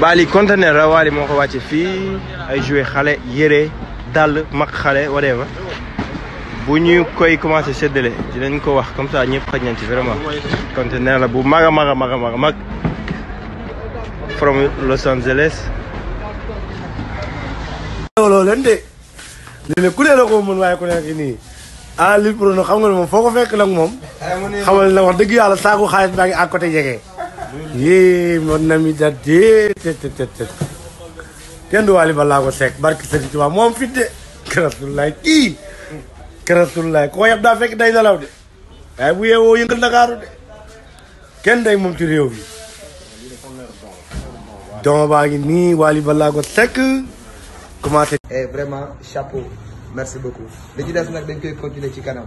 Bali conteneur la Wally moo ko wàcce fii ay jouet xale yére dàll mag xale whatever bu ñu koy commencé séddale dinañ ko wax comme ça ñëpp xaj nañ ci vraiment conteneur la bu mag a mag a mag from Los Angeles loolu leen ku ne la ko mën waaye ku nekk nii ah Lille Pro nag xam nga la moom foo ko fekk nag moom. xamal na wax dëgg yàlla saako xaalis baa ngi à côté jege. yii mën na mi dat yee te te te te kenn du Wally Ballago moom fit de. karasullaay kii karasullaay koo yab daa fekk day nelaw de waaye bu yeewoo yëngal kenn day moom ci réew bi don ngi nii Wally Ballago Seck commencé. Eh, vraiment chapeau. merci beaucoup li ci des nag dañ koy continuer ci kanam.